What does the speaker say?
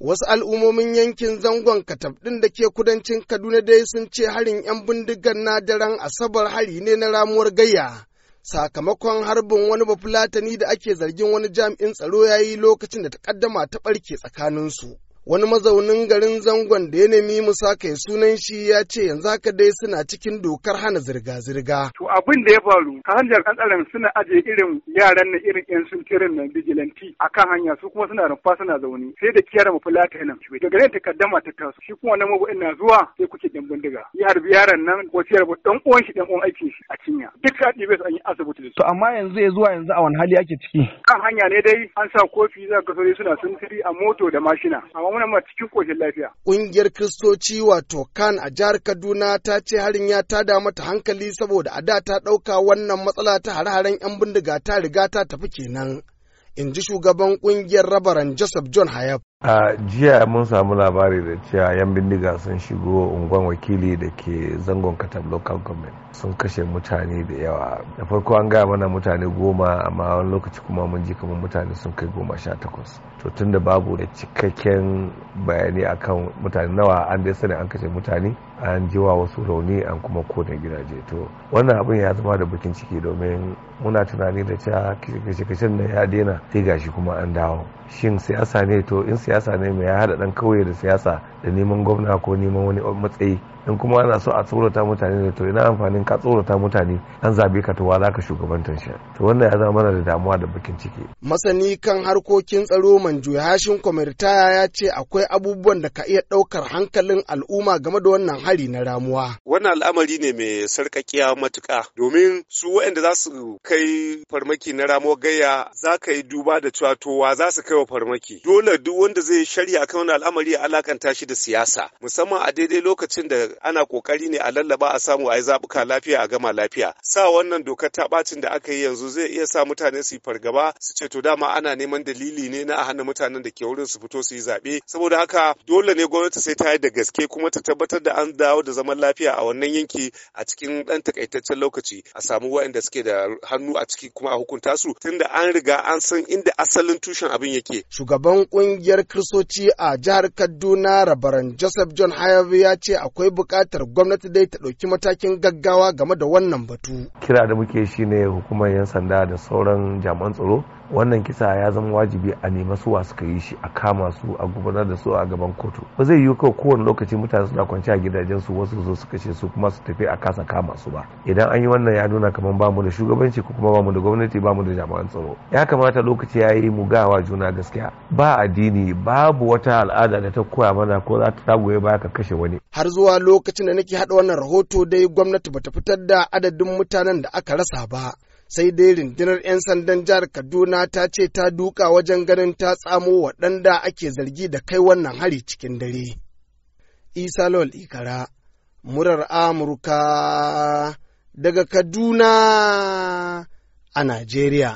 Wasu al'ummomin yankin zangon Katab ɗin da ke kudancin Kaduna dai sun ce harin 'yan bindigar na daren Asabar hari ne na ramuwar gayya. Sakamakon harbin wani bafulatani da ake zargin wani jami'in tsaro ya yi lokacin da ta ƙaddama ta ɓarke tsakaninsu. wani mazaunin garin zangon da ya nemi mu sake sunan shi ya ce yanzu haka dai suna cikin dokar hana zirga-zirga. To abin da ya faru ta hanyar kantsaren suna ajiye irin yaran na irin yan sun kirin nan vigilanti a kan hanya su kuma suna rumfa suna zaune sai da kiyar mu fulata nan shi daga nan takaddama ta taso shi kuma na mabu'in na zuwa sai kuke dan bindiga ya harbi yaran nan ko ba dan uwan shi dan uwan aiki shi a cinya duk a ɗibe su an yi asibiti da su. To amma yanzu ya zuwa yanzu a wani hali ake ciki. Kan hanya ne dai an sa kofi za ka suna suna sintiri a moto da mashina amma muna ma cikin koshin lafiya. Ƙungiyar Kiristoci wato kan a jihar Kaduna ta ce harin ya tada mata hankali saboda a da ta ɗauka wannan matsala ta hare-haren 'yan bindiga ta riga ta tafi kenan. In ji shugaban ƙungiyar rabaran Joseph John Hayab. a jiya mun samu labari da cewa yan bindiga sun shigo unguwan wakili da ke zangon katab local government sun kashe mutane da yawa da farko an gaya mana mutane goma amma wani lokaci kuma mun ji kamar mutane sun kai goma sha takwas to tunda babu da cikakken bayani akan mutane nawa an dai sani an kashe mutane an ji wasu rauni an kuma na gidaje to wannan abin ya zama da bakin ciki domin muna tunani da cewa kashe-kashen na ya daina sai gashi kuma an dawo shin siyasa ne to in siyasa ne mai ya hada ɗan kauye da siyasa da neman gwamna ko neman wani matsayi in kuma ana so a tsorata mutane da to ina amfanin ka tsorata mutane an zabe ka to wa ka shugabantar shi to wannan ya zama mana da damuwa da bakin ciki masani kan harkokin tsaro manjo hashin kwamitaya ya ce akwai abubuwan da ka iya ɗaukar hankalin al'umma game da wannan hari na ramuwa wannan al'amari ne mai sarkakiya matuƙa domin su waɗanda za su kai farmaki na ramuwa gayya za ka yi duba da cewa to wa za su kai wa farmaki dole duk wanda zai shari'a kan wannan al'amari ya alakanta shi da siyasa musamman a daidai lokacin da ana kokari ne a lallaba a samu a yi zaɓuka lafiya a gama lafiya sa wannan dokar ta bacin da aka yi yanzu zai iya sa mutane su yi fargaba su ce to dama ana neman dalili ne na a hana mutanen da ke wurin su fito su yi zaɓe saboda haka dole ne gwamnati sai ta yi da gaske kuma ta tabbatar da an dawo da zaman lafiya a wannan yanki a cikin ɗan takaitaccen lokaci a samu waɗanda suke da hannu a ciki kuma a hukunta su tunda an riga an san inda asalin tushen abin yake. Shugaban ƙungiyar Kiristoci a jihar Kaduna Rabaran Joseph John Hayabu ya ce akwai buƙatar gwamnati dai ta ɗauki matakin gaggawa game da wannan batu. Kira da muke shi ne hukumar 'yan sanda da sauran jami'an tsaro wannan kisa ya zama wajibi a nema su suka yi shi a kama su a gubanar da su a gaban kotu ba zai yiwu kawai kowane lokaci mutane suna kwanci a gidajen su wasu zo suka ce su kuma su tafi a kasa kama su ba idan an yi wannan ya nuna kamar bamu da shugabanci ko kuma ba mu da gwamnati bamu da jami'an tsaro ya kamata lokaci ya yi mu gawa juna gaskiya ba addini babu wata al'ada da ta koya mana ko za ta goye baya ka kashe wani har zuwa lokacin da nake haɗa wannan rahoto dai gwamnati bata fitar da adadin mutanen da aka rasa ba sai dai rundunar 'yan sandan jihar kaduna ta ce ta duka wajen ganin ta tsamo waɗanda ake zargi da kai wannan hari cikin dare isa lol ikara murar amurka daga kaduna a najeriya